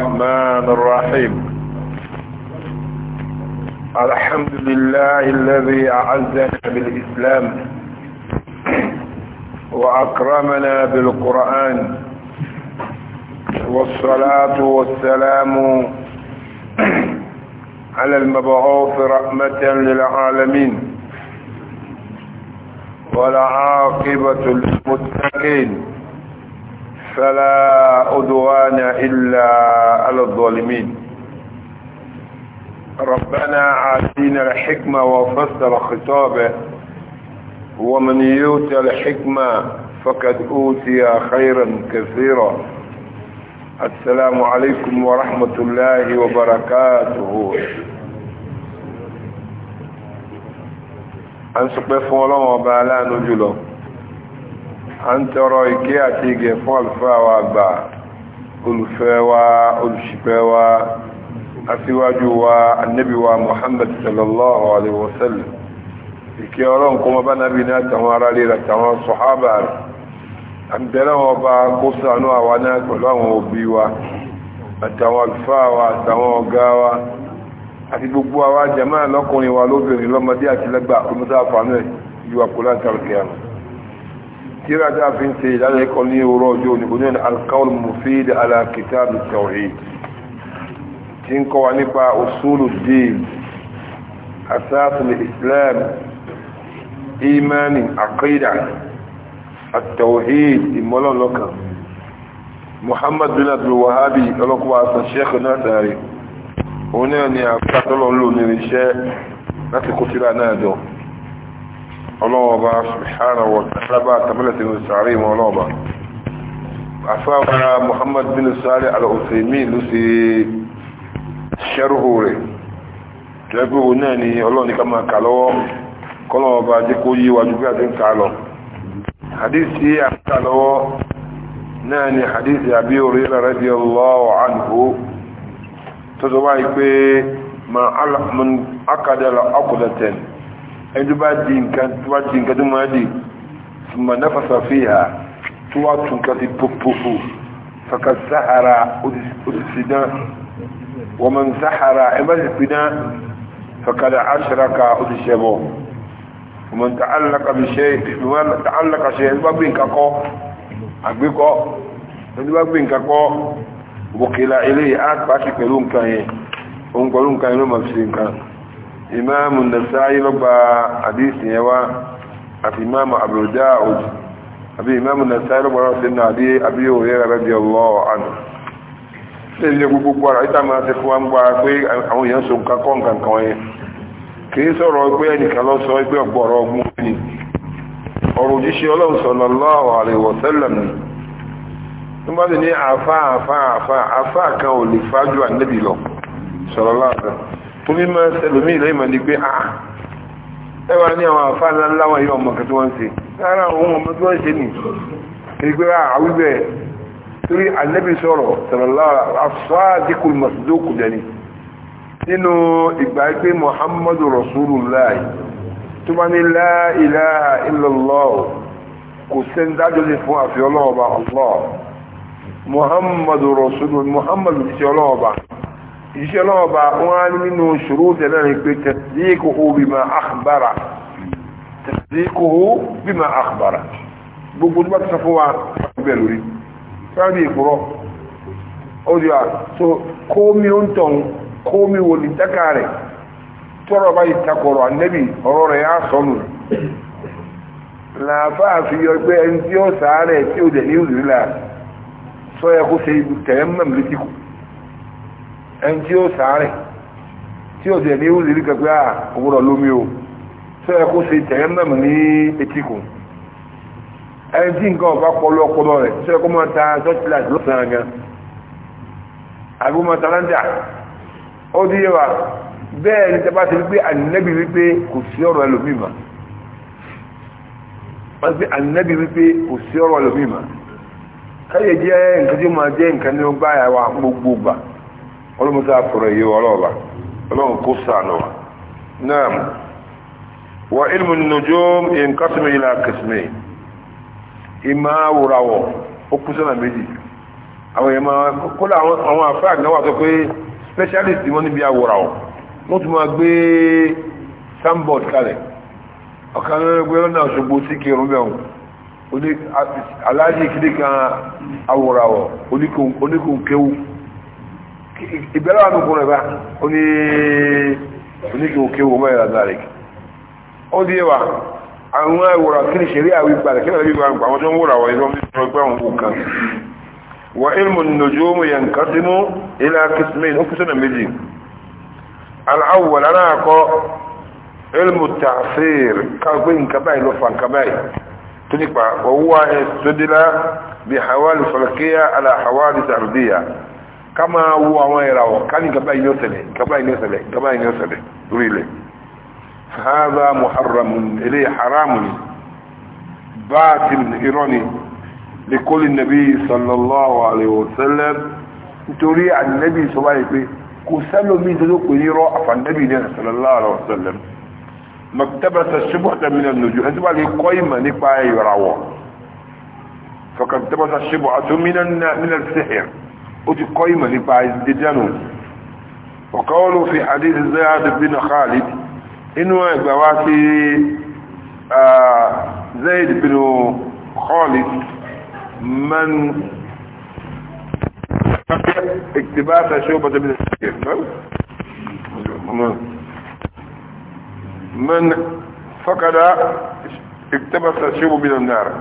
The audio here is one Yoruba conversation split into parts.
الرحمن الرحيم الحمد لله الذي أعزنا بالإسلام وأكرمنا بالقرآن والصلاة والسلام على المبعوث رحمة للعالمين ولعاقبة للمتقين فلا أدوان إلا على الظالمين ربنا عاتينا الحكمة وفصل خطابه ومن يؤت الحكمة فقد أوتي خيرا كثيرا السلام عليكم ورحمة الله وبركاته أنسق بفولون وبالان جلو a ń tọrọ ìkẹ́ àti ìgẹ̀ fún àlùfáà wa àgbà olùfẹ́ wa olùṣìpẹ̀ wa aṣíwájú wa annabi wa muhammad sallallahu alaihi wasallam ìkẹ́ ọlọ́run kó mọ́ bá nábi ní àtàwọn ará lè àtàwọn sọ̀hábà rẹ̀ àbẹ̀rẹ̀ wọn bá kó sànú àwa náà pẹ̀lú àwọn òbí wa àtàwọn àlùfáà wa àtàwọn ọ̀gá wa àti gbogbo àwa jàmáà lọ́kùnrin wa lóbìnrin lọ́mọdé àti lẹ́gbàá olùsáfàánú ẹ̀ yíwa kó láǹtàrùkẹ́ àmì tíra tí a fi ń ṣe ìdánilẹ́kọ̀ọ́ ní òwúrọ̀ ọjọ́ òní bóyá ní alkaul mufid ala kitab tawhid tí ń kọ́ wa nípa din asasul islam imani aqida التوحيد مولان لك محمد بن عبد الوهابي لك واسا الشيخ ناتاري هنا ني افتح لون لون الشيخ ناتي كتلا نادو ọlọ́ọ̀bá subhanahu wa ta'ala tàbílẹ̀tì ní sàárè wọn ọlọ́ọ̀bá afáwọ́ra muhammad bin sáré al-Uthaymin ló ṣe ṣẹ́rùhù rẹ̀ jẹ́gbẹ̀rù náà ni ọlọ́ọ̀ni ká máa kà lọ́wọ́ kọ́lọ́ọ̀bá jẹ́ kó yí wájú bí àti ń kà akadala akudatan ẹjọ́ bá di nǹkan tó bá di nǹkan tó máa di ṣùgbọ́n náfàṣà fi hà tó wá tún ká sí pòpòpò fàkà sáhara òdìsídán wọ́n mọ̀ sáhara ẹ bá sì pidán fàkà dà áṣíraka òdìṣẹ́bọ̀ wọ́n mọ̀ tààlàkà bí ṣe wọ́n tààlàkà ṣe ẹjọ́ bá gbé nǹkan kọ́ pẹ̀lú nǹkan yẹn òun pẹ̀lú nǹkan yẹn ló mọ̀ fi nǹkan imam nasa'i ló gba àdísì yẹn wá àti imam abdulda ojú àbí imam nasa'i ló gba ọ̀rọ̀ sínú àbí àbí òye rẹ̀ gbogbo ara ìta máa ṣe fún wa ń gba pé àwọn èèyàn so nǹkan kọ́ nǹkan kan yẹn kì í sọ̀rọ̀ pé ẹnìkan lọ sọ pé ọgbọ́n ni ọ̀rọ̀ òjíṣẹ́ ọlọ́run tó bá ti ní torí máa ẹlòmí ilẹ̀ ìmọ̀ ní pé àà ah, ẹwà ní àwọn àfáàlá láwọn yóò mọ̀ kẹtí wọ́n ṣe sára ohun ọmọ tí wọ́n ṣe nì kìí pé ah, àwíbẹ̀ torí ànábì sọ̀rọ̀ sọ̀rọ̀lára afáàdíkù masudókù muhammadu rasulullah iṣẹ́ náà bá wọ́n á nínú ṣòro tẹ̀lé rẹ̀ pé tasdiquhu bima akhbara tasdiquhu bima akhbara gbogbo tó bá ti sọ fún wa bẹ́ẹ̀ lórí sáàbì ìkúrọ̀ ó di wa so kómi ó ń tàn kómi wò ní dákà rẹ̀ tọ́rọ̀ báyìí takọ̀rọ̀ ànẹ́bì ọ̀rọ̀ rẹ̀ á sọnù làáfáà fi yọ ẹni tí ó sàárẹ̀ tí ó jẹ̀ ní ìwúzi rí kẹ̀kẹ́ à òwúrọ̀ lómi o sọ ẹ kó ṣe tẹ̀yẹ́mẹ̀mù ní etíkùn ẹni tí nǹkan ọ̀bá pọlọ ọpọlọ rẹ̀ sọ ẹ kó máa ta sọ́tìláì lọ́sàn-án gan àbí máa ta láńdà ó dí yẹwà bẹ́ẹ̀ ni tẹ́ bá ti wípé ànínẹ́bí wípé kò sí ọ̀rọ̀ ẹlòmíì mà wọ́n ti ànínẹ́bí wípé kò sí ọ̀rọ̀ ẹlòmíì mà káyé jẹ́ nǹkan tí ó máa jẹ́ nǹkan ní ó gbáyà wa gbogbo gbà ọlọ́mọdé àfọ̀rọ̀ yìí ọlọ́ọ̀bà ọlọ́run kó sànù wa náà wọ ilmu nujum inqasmi ila qismayn ìmá wùràwọ̀ ó kú sọ́nà méjì àwọn ìmá kólà àwọn àfáà wà sọ pé specialist wọn níbi àwòràwọ̀ wọ́n tún máa gbé sandboard kalẹ̀ ọ̀kan lọ́nà gbé ìbẹ̀rẹ̀ wà nùkún rẹ̀ bá ó ní oníkì òkè wò mẹ́rin àdáre ó dí ẹwà àwọn ẹwòrán kí ni ṣeré àwọn ìgbàlẹ̀ kí ni ẹbí gbàǹgbà àwọn tó ń wòrà wọ̀nyí lọ́wọ́ nítorí pé àwọn òkú kan wà ilmu nùjúmù yẹn kan sí mú ilá kìsìmẹ́yìn ó tó nípa owó àyẹ̀ sódílá bí hawaii falakiya sàrùdíyà ká máa wo àwọn ìràwọ̀ ká ní gaba iná ṣẹlẹ̀ gaba iná ṣẹlẹ̀ gaba iná ṣẹlẹ̀ lórí ilẹ̀ fàáza muharram ilé haram ni báàtìn irọ́ ni lè kólì nàbí sallallahu alaihi wasallam nítorí ànẹ́bí sọ báyìí pé kò sẹ́lómi tó pè ní rọ́ àfànẹ́bí ní sallallahu alaihi wasallam maktabata shibhata min an-nujum ودي قيمة لبعيد جدانه وقوله في حديث زياد بن خالد إنه بواسي زيد بن خالد من اكتباس شعبة من الشيخ من فقد اكتباس شعبة من النار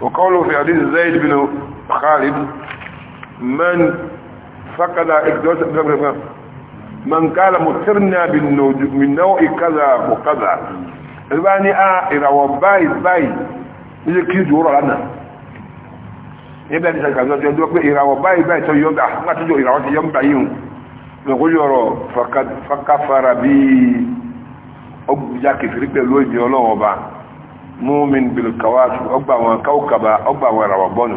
وقوله في حديث زيد بن خالد من فقد من قال مترنا من نوع كذا وكذا الباني آئرة وباي باي ní kí ìdúró rà lánàá níbẹ̀ ní sàkàzọ́ tí ó dúró pé ìràwọ̀ báyìí báyìí tó yọ́gbà látújọ ìràwọ̀ ti yọ́gbà yíò lọ́gbójú ọ̀rọ̀ fakafara bí ọgbùjá kìfìrí pẹ̀lú ìdí ọlọ́wọ́ bá múmin bilkawasu ọgbà wọn káwùkàbà ọgbà wọn ìràwọ̀ bọ́nu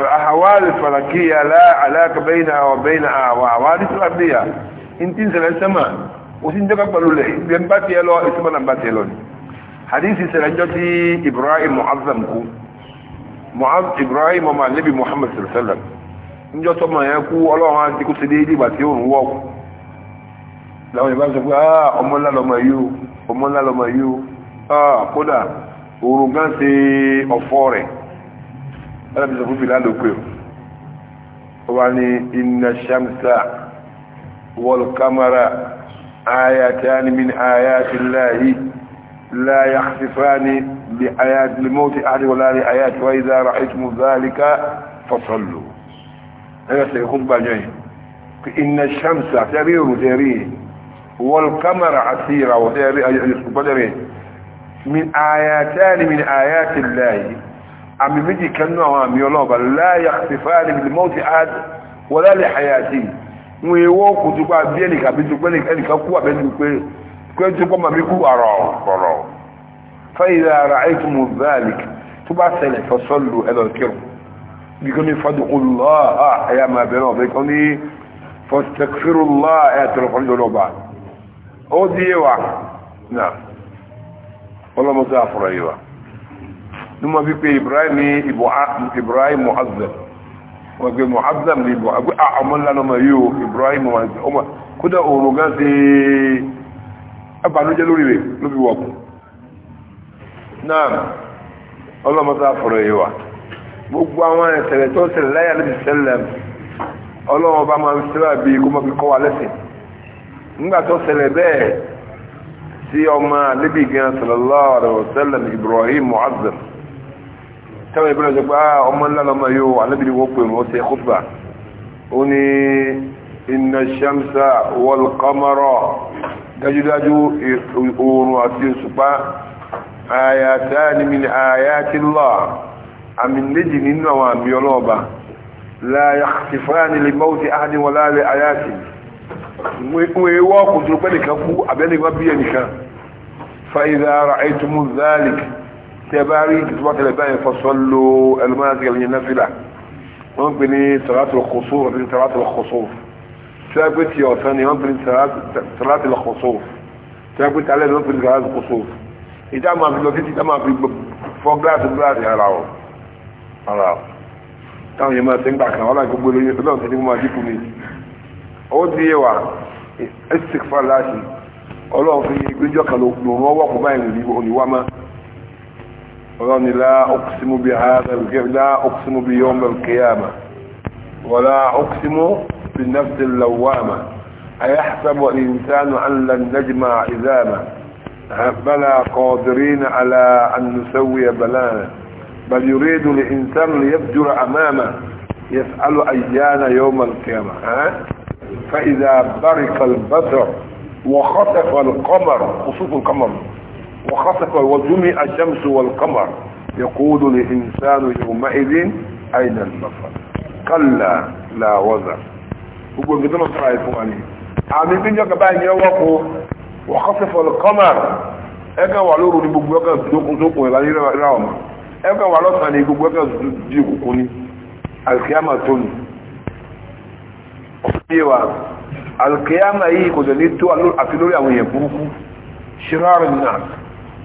فالأحوال الفلكية لا علاقة بينها وبينها وحوادث الأرضية انتين سنة السماء وسين دقا قالوا لي بنباتي يلو اسمنا بنباتي يلو حديثي سنة جوتي إبراهيم معظم كو معظم إبراهيم ومع النبي محمد صلى الله عليه وسلم níjọ́ tó mọ̀ yẹn kú ọlọ́run á ti kú sí déédé ìgbà tí ó ń آه láwọn ìbá sọ pé ah ọmọ ńlá lọmọ yìí ọmọ ńlá lọmọ yìí ala bi sɔfɔ bila láàrín òkú ó wá ní iná ṣamsa wɔl kamara ayatan min ayatin lahi la yakhsifani bi ayat li mawti ahadi wala li ayat wa idha ra'aytum dhalika fasallu ẹgbẹ́ sẹ́yìn khutba ko iná ṣamsa tẹ́rí òrùn tẹ́rí wɔl kamara asira wọ́n tẹ́rí ọjọ́ ìsúpọ̀ tẹ́rí min ayatan min ayatin lahi àmì méjì kan nínú àwọn àmì ọlọ́ọ̀bà láyà tìfáàlì bìlìmọ́tì àd wọlé lè hayàtì wọn èèwọ̀ kò tó pa bí ẹnì kàbí tó pé ẹnìkan kú àbẹ́ tó pé pé tó pọ́ màmí kú àrọ̀ ọ̀rọ̀ fẹ́yìlá ara àìkú mu báàlì tó bá ṣẹlẹ̀ fọ́sọ́lù ẹlọ́kẹ́rù ní wọ́n fi ibrahim ibrahim muhazzam wọ́n pe muhazzam ní ibrahim pé ọmọ ńlá náà gan ṣe ẹbànújẹ́ lórí rẹ̀ ló fi wọ̀kù náà ma fọ̀rọ̀ yìí wà gbogbo àwọn ẹ̀sẹ̀lẹ̀ tó ṣẹlẹ̀ láyà lẹ́bi ṣẹlẹ̀ ọlọ́wọ́ bá máa fi gan sallallahu alaihi ibrahim táwọn ìbílẹ̀ jẹ́ pé ah, ọmọ ńlá lọ́mọ yóò alábìrì wọ́n pè wọ́n ṣe kúfà ó ní iná ṣẹ́mṣà wọ́n kọ́mọ́rọ̀ dájúdájú oòrùn àti òṣùpá àyàtá ni mi àyàtí lọ́ àmì méjì nínú àwọn àmì ọlọ́ọ̀ba láyà tẹbaari ìtumọ̀tẹ̀lẹ̀ báyìí fọ́sọ́lù ẹlùmọ́nàtìkà lẹ́yìn náfìlà wọ́n ń pè ní salatul khusuf àti salatul khusuf tẹ́gbẹ́ ti ọ̀sán ni wọ́n ń pè ní salatul khusuf tẹ́gbẹ́ ti alẹ́ ni wọ́n ń pè ní salatul khusuf ìjà máa fi lọ títí ìjà máa fi fọ́ gíláàsì gíláàsì ara ọ̀ ara ọ̀ táwọn yẹn máa ti ń gbà kan ọ̀la gbogbo lóyún tó lọ́wọ́ ti ní kó máa dínkù mi ó di yé wa ẹ̀sìtìkfà láàṣì ọlọ́run fi gbẹ́jọ́ kan lòun ọwọ́ kò báyìí فلان لا أقسم بهذا لا أقسم بيوم القيامة ولا أقسم بالنفس اللوامة أيحسب الإنسان أن لن نجمع عزامة بلى قادرين على أن نسوي بلانا بل يريد الإنسان ليفجر أمامه يسأل أيان يوم القيامة فإذا برق البصر وخطف القمر خصوص القمر وخسف وجمع الشمس والقمر يقول الإنسان يومئذ أين المفر كلا لا وزر يقول ìgbésẹ̀ náà sọ̀rọ̀ ìfún wa ni àmì bí njọ́ وخسف القمر ẹ̀ka wà lóru ni gbogbo ẹ̀ka dókun sókun ẹ̀ láyé rà ọ̀mà ẹ̀ka wà lọ́sàn-án ni gbogbo ẹ̀ka di òkùnkùn ni alkiyama tó ni ọ̀sẹ̀ wa alkiyama yìí kò tẹ̀lé tó àti lórí àwọn èèyàn burúkú ṣíráàrùn náà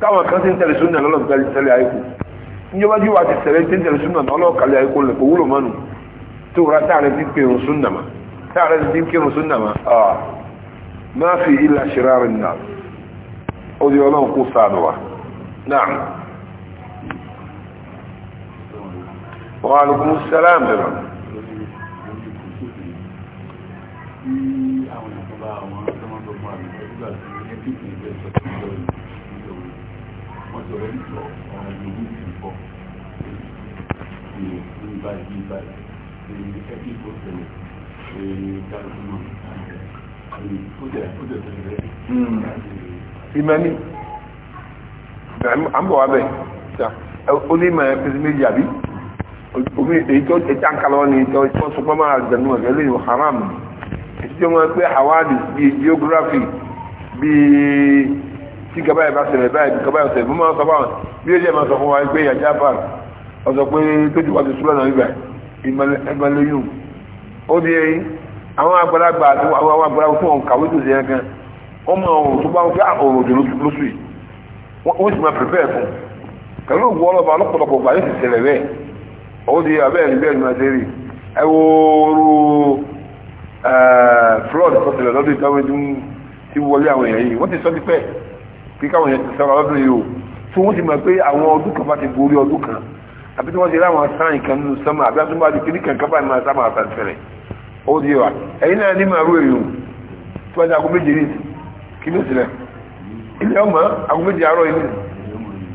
táwọn kan ti ń tẹ̀lé súnà lọ́lọ́ tẹ̀lé tẹ̀lé àyíkú níjọba jí wa ti tẹ̀lé ti ń tẹ̀lé sunna lọ́lọ́ kàlẹ́ àyíkú lẹ̀ kò wúlò mánu tó ra táàrẹ ti pè ń súnà ma táàrẹ ti pè ń sunna ma aa máa fi ilà ṣìrárin náà ó di ọlọ́run kó sànù wa náà wa alaikum salam bẹ̀rẹ̀. Tí àwọn your editor or the week before. Say, buy, give buy. Say, every person, say, that woman. Put it, put it there. Imani. À ń bọ̀ bẹ̀. Ó ní ìmọ̀ ẹ̀fẹ́sì méjì àbí? Omi èyí tó ẹja ń kalọ́ ni ìjọ ìfọ́sọ́pọ́ máa dẹnu ẹ̀gẹ́ lè haram. Èyí tí wọ́n pẹ́ Hawaii bíi geography bíi tí kaba yẹn bá ṣẹlẹ̀ báyìí bí kaba yẹn ṣẹlẹ̀ bí wọ́n bí ó jẹ́ máa sọ fún wa pé yàjá bá ọ̀sọ̀ pé tójú wa ti súlọ̀ náà níbẹ̀ ó di eyín àwọn àgbàlagbà gbà yóò sì lọ́dún ìtàwé tí wọlé àwọn èèyàn yìí wọ́n ti sọ́ ti kí káwọn yẹn ti sọ̀rọ̀ ọdún yìí o tí wọ́n ti mọ̀ pé àwọn ọdún kan bá ti borí ọdún kan àbí tí wọ́n ti láwọn sáàyìn kan nínú sánmà àbí àtúntò bá di kí ní máa ó di wa eyina náà ní màrú èrè o tí wọ́n ti àgọ́ méje ní kí ló sílẹ̀ ilé ọmọ àgọ́ méje àárọ̀ ilé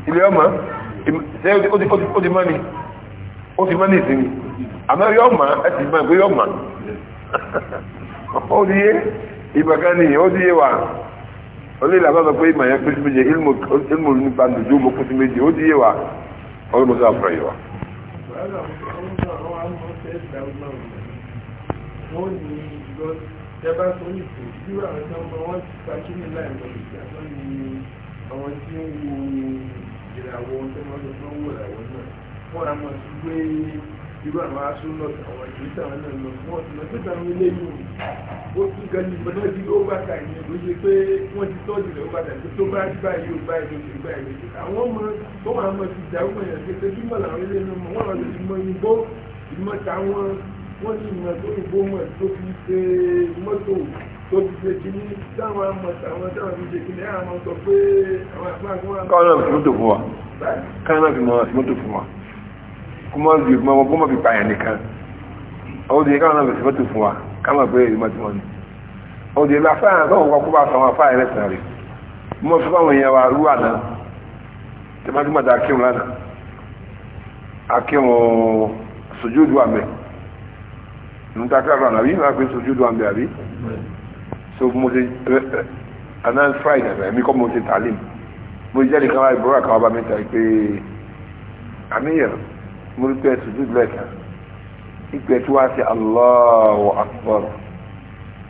ilé ọmọ ṣé ó ti mani ó ti mọ́ni ìsinmi àmọ́ yọ ọmọ ẹ ti mọ́ ẹgbẹ́ yọ ọmọ ó di yé ni ó di yé wa. onílẹ̀ àbá sọ pé ìmọ̀ yẹn pèsè méje ilmu nípa nìjú mo pèsè méje ó díye wa ọdún mọ́sá fún ẹ̀yọ́ wa. Àwọn tí ń wo ìràwọ̀ tó wọ́n á máa ti gbé irú àwọn asúnlọ àwọn ìgbésẹ̀ àwọn náà lọ wọn ti lọ síta àwọn eléyìí ó tún gan ìbọn náà di ó bá ló ṣe pé wọn ti tọ́jú rẹ̀ ó bá tó bá rí báyìí ó bá ìlú ṣe báyìí ló ṣe àwọn ọmọ tó wà mọ ti dàrú mọ yẹn kété bí mọ làwọn eléyìí náà mọ wọn lọ sí mọ ìbò ìmọ̀ táwọn wọn ní ìmọ̀ tó ìbò mọ̀ tó fi ṣe mọ́tò tó ti ṣe kí táwọn amọ̀ táwọn táwọn fi ṣe kí ní àwọn sọ pé àwọn àpá kuma yìí kuma wọn bọ́mọ̀ fi pààyàn nìkan ọdún yìí káwọn náà fèsì fọ́tò fún wa káwọn pé èyí mọ́tí wọn ni ọdún yìí láfáà náà káwọn kọ́ bá sọ àwọn afáà rẹ̀ sàn rẹ̀ mọ́ fún àwọn èèyàn wa rú àná tẹmátí mọ́tà akírun lánàá akírun sojúdù àmẹ nùtàkàrọ̀ àbí máa pè sojúdù àmẹ àbí so mo ti àná eh, eh, friday ẹ̀mí kọ́ mo ti tàlím mo jẹ́ nìkan wá ìbúrò àkàwọ́ bá mi tà pé àníyàn múlùtọ́ ẹ̀ sùdúù lẹ́ẹ̀kan ìpè tí wàá ṣe Allahu Akbar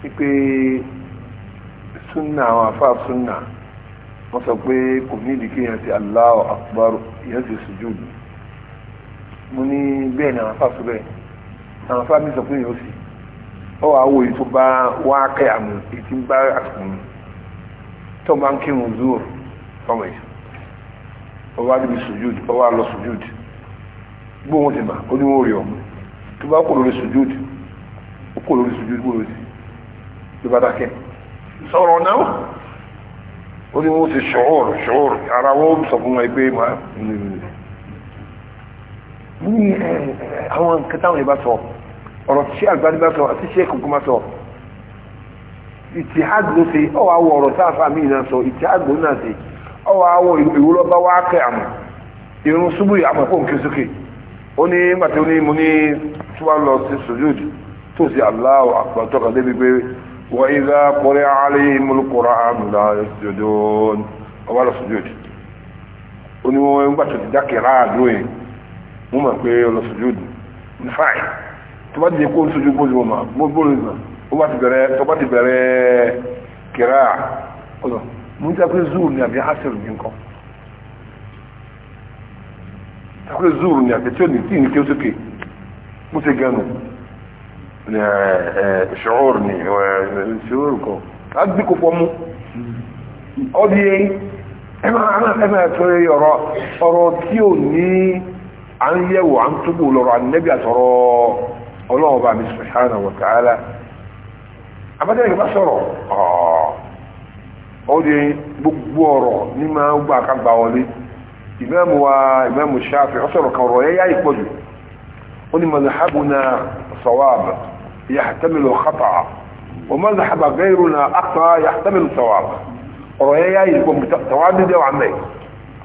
ìpè sunna àwọn afa sunna wọ́n sọ pé kò ní ìdíkẹ́ yẹn ṣe Allahu Akbar yẹn ṣe sùdúù mo ní bẹ́ẹ̀ ni àwọn afa sọ bẹ́ẹ̀ àwọn afa mi sọ pé yẹn sì ọ wà wò yìí tó bá wá kẹ́ àmì ìtì bá àkùn tó ń kírun zuwọ̀ fọmọ yìí ọ wá níbi sùjúd ọ wá lọ sùjúd gbó wọn ti mà ó ní wọn rí ọmọ tó bá kò lórí sùjúdì ó kò lórí sùjúdì kò lórí ló bá dákẹ́ sọ̀rọ̀ náà ó ní wọn ti ṣòro ṣòro ara wọn sọ fún wọn pé mà ní àwọn nǹkan táwọn ìbá sọ ọ̀rọ̀ tí àgbàdì bá sọ àti ṣe kòkó má sọ ìtìhádì ló ṣe ọwọ́ àwọ̀ ọ̀rọ̀ sáfà míì náà sọ ìtìhádì ló náà ṣe ọwọ́ àwọ̀ ìwúrọ̀ bá wá kẹ́ àmọ̀ ìrún súbú àmọ̀ fóun kí sókè ó ní gbàtí ó ní mo ní tí wàá lọ sí sujud tó sì Allahu akbar tó débi pé wa idha quri'a alayhimul Qur'anu la ọba lọ ó ní ti yẹn mo mọ̀ pé ó lọ ní fáì tó bá ti di kó ń sujud bó mọ̀ mọ́ bó lè ó bá ti bẹ̀rẹ̀ tó bá ti bẹ̀rẹ̀ mo ń jẹ́ pé zoo ni àbí àpẹẹrẹ zuru ni àti tí ó ní tí ni kí ó sókè mo ti ganu ṣòro ni ṣòro kan á gbé kó fọmú ọdí ẹmà ẹ̀fẹ́ ọ̀rọ̀ ọ̀rọ̀ tí ó ní à ń yẹ̀wò à ń túbò lọ́rọ̀ ànẹ́bí àtọ̀rọ̀ ọlọ́run bá mi subhanahu wa ta'ala abájáde ìgbà gbogbo ìmáàmù wa ìmáàmù Shafi'i ọ̀sọ̀rọ̀ kan rọ̀ yẹ́yá ìpọ̀jù ó ní mazhabuna sawab yahtamilu khata'a wa mazhab ghayruna akhta yahtamilu sawab ọ̀rọ̀ yẹ́yá ìpọ̀jù tàwádìí dẹ́wà mẹ́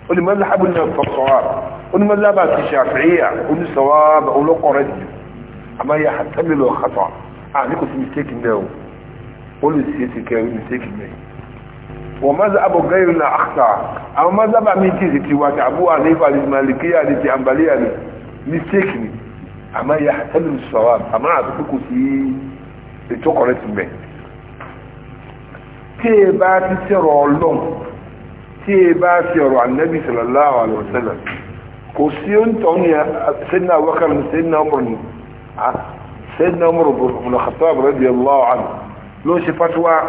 ó ní mazhabuna sawab ó ní mazhaba ti Shafi'iyya ó ní sawab olókọ̀rẹ́ jù àmọ́ yahtamilu khata'a à ní kò sí mistake mẹ́ o ó lè ṣe é ti kẹ́ mistake mẹ́ ومذهب غيرنا اخطا او مذهب ميتي تي وات ابو حنيفه المالكيه دي امباليه دي ميستيك ني اما يحتمل الصواب اما اتفقوا في التوكوريت بي تي با تي سيرو الله تي با سيرو النبي صلى الله عليه وسلم كوسيون تونيا سيدنا ابو بكر سيدنا عمر سيدنا عمر بن الخطاب رضي الله عنه لو شي فتوى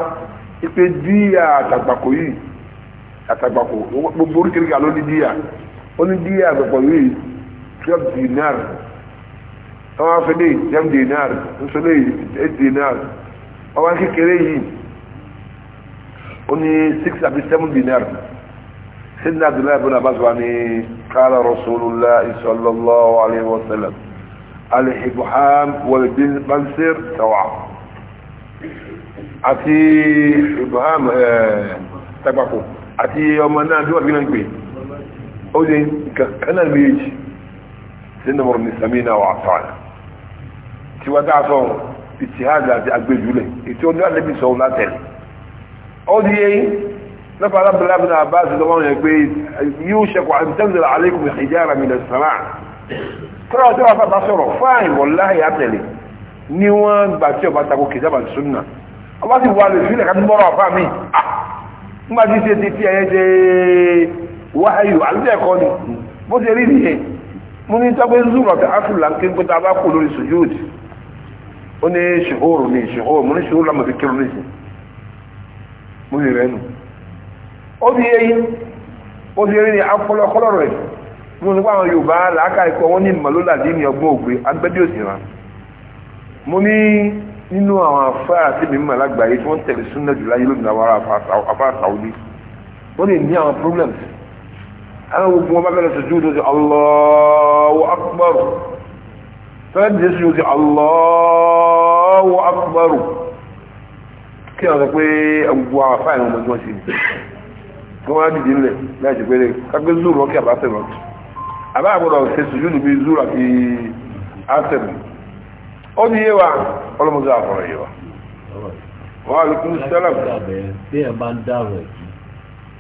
ipe díyà àtàgbàkò yìí àtàgbàkò gbogbo oríkèéríkèé àló ní díyà ó ní díyà àtàgbàkò yìí twelve dinar àwọn afẹ́lẹ́ ten dinar nsọ́lẹ́ eight dinar àwọn kékeré yìí ó ní six àbí seven dinar سيدنا عبد الله بن عباس يعني قال رسول الله صلى الله عليه وسلم الحبحام والبنسر سواء àti ibrahim tagbako àti ọmọ náà tí wà bí náà ń pè ó ní kanáà méjì tí nàmọ̀ ní samina wà fàánà tí wọ́n dáa sọ ìtìhádà àti agbèjúlẹ̀ ètò ó ní yẹ́yìn نفع رب الابن عباس دوان يقول يوشك أن تنزل عليكم حجارة من السماء ترى ترى فتصرف فاهم والله يا نيوان باتيو باتاكو كتابة السنة ọba sì wà lè sílẹ̀ kájú bọ́rọ̀ àfá mi ah! nígbà tí ṣe ti fi ẹ̀yẹ ṣe wáyù alẹ́ẹ̀kọ́ ni bó ṣe rí nìyẹn mo ní tọ́gbẹ́ zúrọ̀ tí áfù láńké ń pẹ́ta bá kú lórí sùjúùd ó ní ṣòhóró ní ṣòhóró mo ní ṣòhóró lámọ̀ fi kírun níṣẹ́ mo sì rẹ̀ nù ó ti yé yín ó ti rí ní afọlọ́kọ́lọ́ rẹ̀ mo ní pàwọn Yorùbá làákà ikọ̀ wọn ní màlúlà dín ní ọgbọ́n ògbé agbẹ́bí òsì rán mo ní nínú àwọn afá àti mímọ̀ alágbàáyé tí wọ́n tẹ̀lé súnà jùlọ ayé lónìí àwọn afá àsàwọ́dí wọ́n lè ní àwọn problems àwọn gbogbo wọn bá bẹ̀rẹ̀ sọ júùdó sí Allahu Akbar fẹ́rẹ́ dìde sí sí Allahu Akbar kí wọ́n sọ pé gbogbo àwọn afá ìwọ̀n mọ̀jú wọn sí ni kí wọ́n dìde nílẹ̀ láì jẹ́ pé kápẹ́ zúrọ̀ kí àbáfẹ́ rọ̀ àbá àgbọ̀dọ̀ ṣe sùjúdù bíi zúrọ̀ àti àtẹ̀mù ó ní yé wa ọlọ́mọdé àfọ̀rọ̀ yé wa wà á lùkú sẹ́lẹ̀m. bí ẹ bá ń dàrọ̀ ẹ̀kí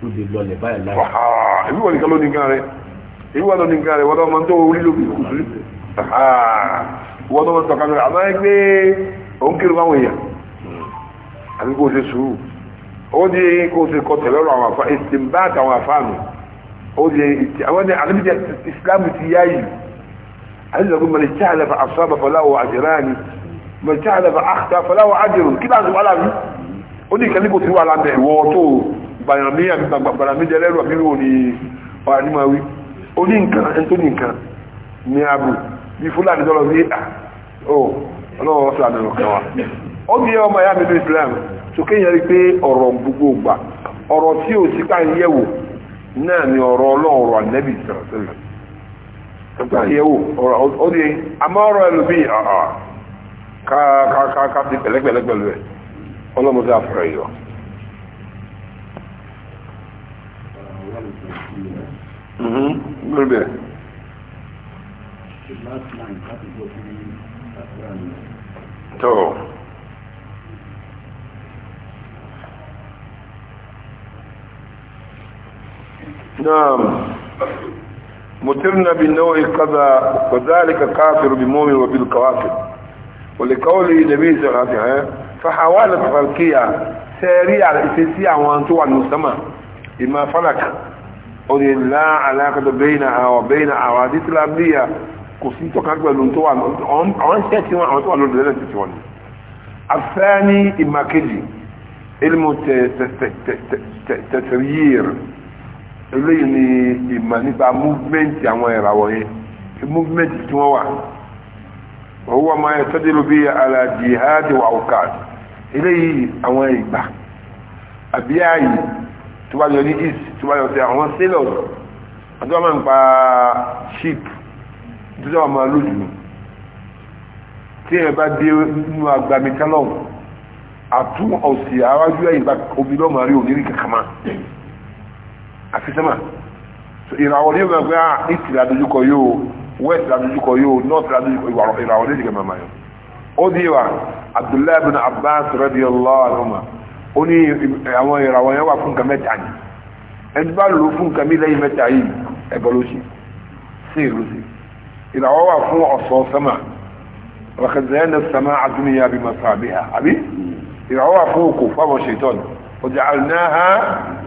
ó lè lọlẹ̀ báyìí láì. èmi wà nìkan ló ní nǹkan rẹ èmi wà lọ ní nǹkan rẹ wọ́n lọ́mọ tó orí ló fi kù sí wọ́n lọ́mọ tọ̀ka mi àmọ́ ẹ gbé òun kiri fáwọn èèyàn àbí kó o ṣe sùúrù ó di kó o ṣe kọ tẹ̀lẹ́rọ àwọn àfa ìsìnbá àtàwọn àfa mi ó di àwọn ẹni àlébíjẹ ìsìlámù ti yá yìí عايز اقول من اجتهد فاصاب فله اجران من اجتهد فاخطا فله اجر كده عايز اقول على ó ní ìkẹ́lẹ́kò tí wà lábẹ́ ìwọ tó gbàyànmí àgbàgbàgbàmí jẹlẹ́rù àbírò ní ọ̀rà ní ma wí ó ní nǹkan ẹni tó ní nǹkan ní ààbò bí fúlàní tọ́lọ sí ah, ọlọ́wọ́ sàdọ̀rọ̀ kan wa ó ní ọmọ ya nínú Islam tó kéèyàn rí pé ọ̀rọ̀ gbogbo gbà ọ̀rọ̀ tí ò sí káyẹ̀wò náà ni ọ̀rọ̀ ọlọ́ọ̀rọ̀ ànẹ́bì sọ̀rọ̀ ìyẹ̀wò ọ̀rọ̀ ó amọ́rọ̀ ẹlòmí àà káàkàkà ti pẹ̀lẹ́pẹ̀lẹ́ ọlọ́mọdé àfẹ́rẹ́ yọ. gbẹ̀rẹ̀ mm-hmm. مترنا بالنوع كذا وذلك كافر بمؤمن وبالكوافر ولقول النبي صلى الله عليه وسلم فحاولت فلكية سريع الاساسية وانتوع المسمى اما فلك قل لا علاقة بينها وبين عوادث الأمنية كسيتك أكبر لنتوع عن سيتوان عن لنتوع الثاني اما كجي علم التسرير eléyìí ni ìmọ̀ nípa múfúmẹ́ǹtì àwọn ìràwọ̀ yẹn múfúmẹ́ǹtì tí wọ́n wà owó ọmọ ẹ̀ tọ́jú ló bí ala jihad wa awqat eléyìí àwọn ìgbà àbí ààyè tó bá yọ ní east tó bá yọ sí àwọn sailors àti wọn máa ń pa ship tó sọ wọn máa lójú tí ẹ bá dé nínú agbami tálọ̀ àtún ọ̀sẹ̀ àwájú ẹ̀yìn bá omi lọ́mọ rí òní àfi sẹ́mà ìràwọ̀ ní ìgbàgbé à ah, ìtì ládójúkọ yóò west ládójúkọ yóò north ládójúkọ ìràwọ̀ ní ìgbàgbé màmá yóò ó di wa abdullahi bin abbas radiyallahu anhu ó ní àwọn ìràwọ̀ yẹn wà fún nǹkan mẹ́ta ni ẹni bá lò fún nǹkan mi lẹ́yìn mẹ́ta yìí ẹ̀bọ̀ ló ṣe sí ìlú sí ìràwọ̀ wà fún ọ̀sọ̀ sẹ́mà rakazayan sama adúniya bí masabiha àbí ìràwọ̀ wà fún òkò fáwọn ṣètọ́ni ọjà àrùnáhà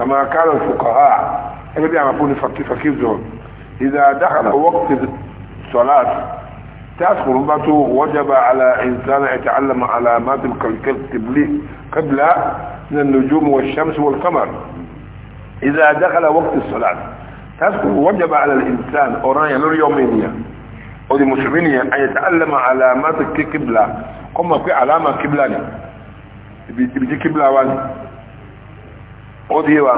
كما قال الفقهاء الذي يعرفون فكيف فكيف زهد إذا دخل وقت الصلاة تأخر ربته وجب على إنسان يتعلم علامات قبل من النجوم والشمس والقمر إذا دخل وقت الصلاة تذكر وجب على الإنسان اوراي نور يومينيا أو دي أن يتعلم علامات الكبلة قم في علامة قبلة بيجي قبلة واني ó di wa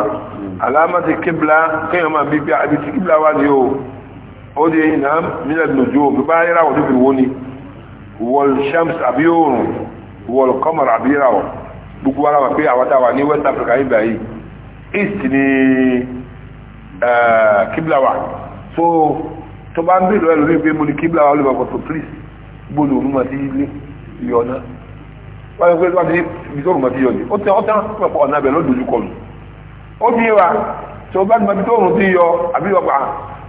alámàtí kíblá kéèyàn máa bí bí àbí tí kíblá wá ní o ó di iná mílẹ̀ lójú bí bá yíra wọ́n níbi wo ni wọ́l shams àbí oòrùn wọ́l kọ́mọ̀r àbí yíra wọ́n gbogbo ara wà pé àwọ́ta wà ní west africa yìí báyìí east ni kíblá wà so tó bá ń bèèrè ẹlòmí pé mo ní kíblá wà lóba kọ̀tọ̀ please gbọ́dọ̀ òun máa ti lé yọ̀ náà wọ́n yẹ pé wọ́n ti bí sọ́run máa ti yọ̀ ní ó tẹ́ ọ̀nà abẹ lọ́dọ̀ ojú kọlù ó bí wa tí ó bá gbọ́n bí tóòrùn ti yọ àbí ọgbà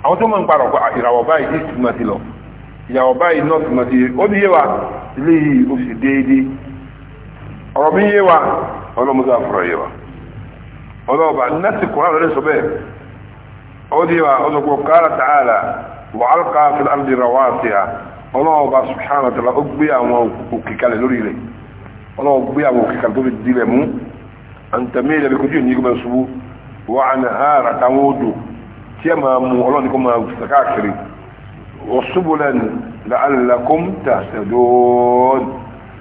àwọn tó mọ̀ ń parọ̀ ìràwọ̀ báyìí east ma ti lọ ìràwọ̀ báyìí north ma ti ó bí yé wa ilé yìí ó sì déédé ọ̀rọ̀ bí yé wa ọlọ́mọdé àfọ̀rọ̀ yé wa ọlọ́ọ̀bà nẹ́ẹ̀sì kùnrin lórí sọ bẹ́ẹ̀ ó bí wa ọlọ́pọ̀ kára tààlà wà á ká fi láti ra wá sí ọlọ́ọ̀bà subhanahu wa ta'ala ó gbé àwọn òkè an tamila bi kutu ni kuma subu wa anhara tawudu kema mu olon ko ma sakakiri wasubulan la'allakum tahtadun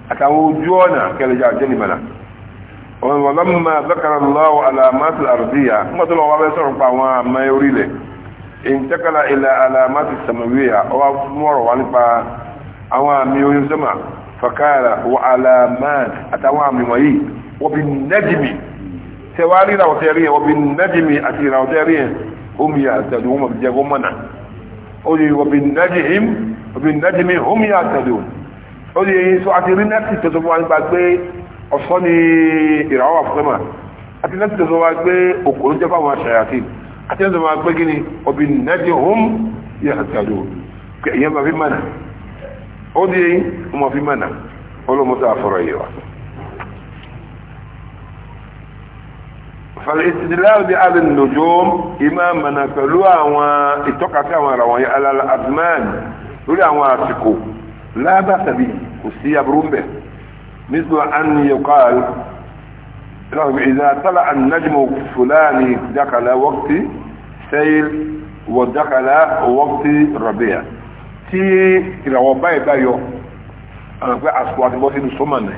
atawujuna kala ja jani mana wa lamma dhakara Allah alamat al-ardiyya ma to wa be so pa wa ma yorile intakala ila alamat as-samawiyya wa moro wa nípa àwọn àmì oyun sama fakala wa alamat atawa mi wayi وبالنجم سواري روتيرية وبالنجم أتي روتيرية هم يهتدون وبالجاقون منع أولي وبالنجم وبالنجم هم يهتدون أولي سعترين نفسي تتبعوا عن بعد بي أصاني إرعاوة فقمة أتي نفسي تتبعوا عن بي أقولوا جفاوا عن الشياطين أتي نفسي تتبعوا عن بي كني وبالنجم هم يهتدون كأيام في منع أولي هم في منع أولو متأفر أيها فالاستدلال بهذا النجوم إمامنا فلوا واتقى كما رواية على الأزمان لولا واسكو لا بأس به كسي يبرون به مثل أن يقال إذا طلع النجم فلاني دخل وقت سيل ودخل وقت ربيع تي إلى وباي بايو أنا أقول أسوأ أتبوتي نسومان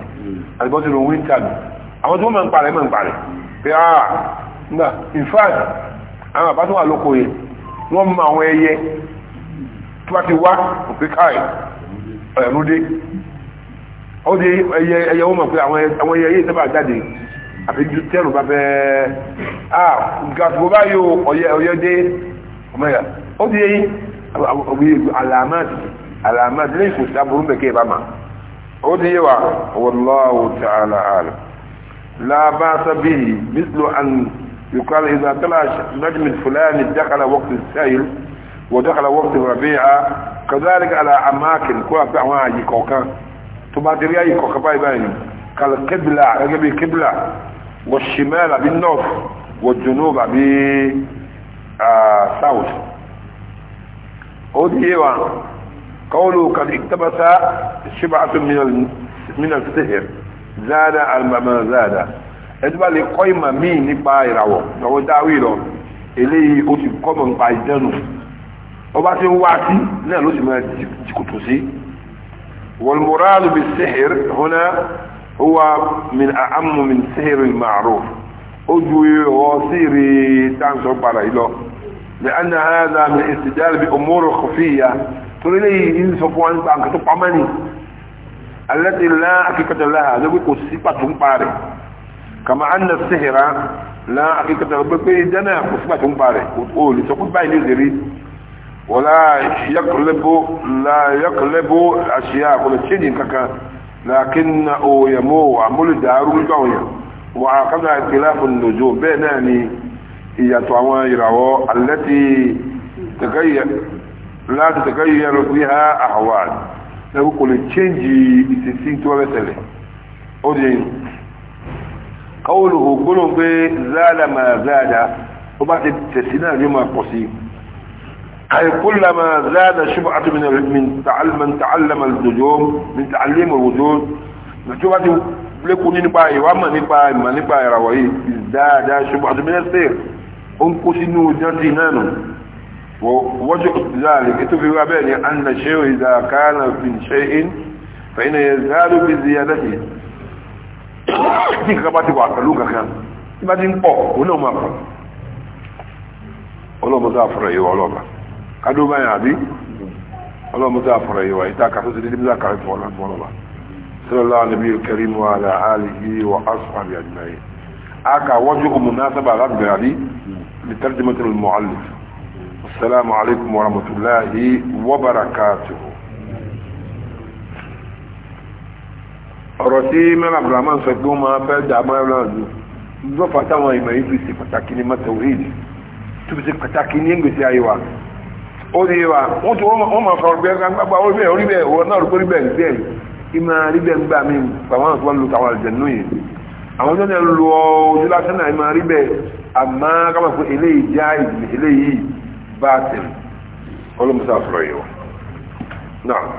أتبوتي نوينتان أما تقول من بالي من قال pé ah, nga in fact àwọn àbá tó wà lóko wọ́n àwọn ẹyẹ tó bá ti wá òpé káì ẹ̀rú ó di ẹyẹ ẹyẹ wọ́n mọ̀ pé àwọn ẹyẹ yìí sábà jáde àfi tẹ́rù bá fẹ́ ah gàtùkú báyìí ọ̀yẹ́ ọ̀yẹ́ dé ọmọ ẹ̀yà ó di ẹyìn àlàmáàtì لا باس به مثل أن يقال إذا طلع نجم الفلاني دخل وقت السيل ودخل وقت الربيع كذلك على أماكن كوا فعوا يكوكا تبادريا يكوكا باي باي كالقبلة رجبي قبلة والشمال بالنوف والجنوب ب آه، ساوث إيوا قولوا قد اقتبس شبعة من من السهر zada alimama zada ẹni bá lè kọ́ ìmọ̀ míì nípa ìràwọ̀ lọ́wọ́ dáwì lọ eléyìí ó ti kọ́ mọ̀ nípa ìdẹ́nu ọba tí ń wá sí náà ló sì máa jìkùtù sí والمراد بالسحر هنا هو من أعم من سحر المعروف أجوي وصيري تانسو بارايلو لأن هذا من استدلال بأمور خفية تريلي إن سفوان بانك تقعمني التي لا حقيقة لها نقول قصيبة تنباري كما أن السحر لا حقيقة لها دنا قصيبة تنباري وتقول تقول باي نزري ولا يقلب لا يقلب الأشياء ولا شيء كذا لكنه يمو عمل دارو القوية وعقد اختلاف النجوم بيناني هي طوائر التي تغير لا تتغير فيها أحوال ẹ̀rù kò lè change ìsìsí tí wọ́n bẹ̀tẹ̀lẹ̀ ó di kawolo ògbónà pé záàdà máa záàdà ó bá ti tẹ̀sí náà yóò máa pọ̀ sí àìkúlà máa záàdà ṣùgbọ́n àti min tàálàmà lòjò min tàálàmà lòjò tí ó ووجه ذلك اتفق بين أن الشيء إذا كان في شيء فإنه يزال بزيادته kíkà bá ti wà pẹ̀lú kankan tí bá ti ń pọ̀ olóò máa pọ̀ ọlọ́mọdé àfọ̀rọ̀ ìwà ọlọ́ba kádó báyìí àbí ọlọ́mọdé àfọ̀rọ̀ ìwà ìta kàtó ti dédé nígbà kàrí fún ọlọ́ba sọlá níbi kẹrin mu àlà àlìyé wà áṣù àbí àjùmáyé a kà wọ́jú òmùnà sábà láti bẹ̀rẹ̀ àbí lítẹ́rìdìmọ́tò mọ́ àlùfẹ́ السلام عليكم ورحمة الله وبركاته ọ̀rọ̀ tí mẹ́rin abdulrahman sọ pé ó máa fẹ́ dààmú ẹ̀rọ ọ̀dọ́ ló fàtà àwọn ìmọ̀ yìí fi ṣe pàtàkì ní matawid tó fi ṣe pàtàkì ní ìgbésí ayé wa ó ní wa wọ́n tó wọ́n máa fọ ọgbẹ́ gbàgbà orí bẹ́ẹ̀ orí bẹ́ẹ̀ wọ́n náà rí orí bẹ́ẹ̀ ìmọ̀ rí bẹ́ẹ̀ ń gbà mí bàbá náà باطل قولوا مسافر ايوه نعم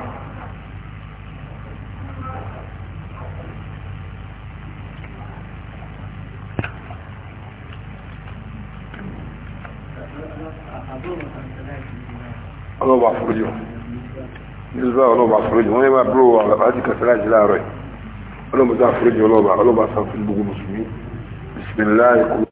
ọlọ́wọ́ bá fúrú jù nígbà ọlọ́wọ́ bá fúrú jù wọ́n yẹ máa búrò àti kàtàlájì láàárọ̀ ọlọ́wọ́ bá fúrú jù ọlọ́wọ́ bá fúrú jù gbogbo mùsùlùmí bismillah